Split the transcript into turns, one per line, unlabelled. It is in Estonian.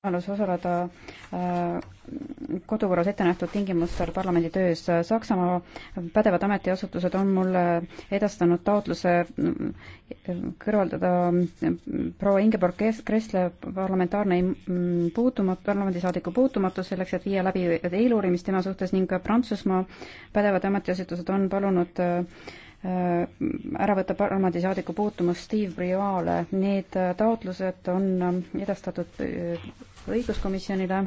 võimalus osaleda äh, kodukorras ette nähtud tingimustel parlamendi töös. Saksamaa pädevad ametiasutused on mulle edastanud taotluse mm, kõrvaldada mm, proua Ingeborg Kressle parlamentaarne mm, puutumat-, parlamendisaadiku puutumatus selleks, et viia läbi eeluurimist tema suhtes ning Prantsusmaa pädevad ametiasutused on palunud äh, Äh, ära võtta parlamendisaadiku puutumus Steve Brioale. Need äh, taotlused on äh, edastatud
õiguskomisjonile.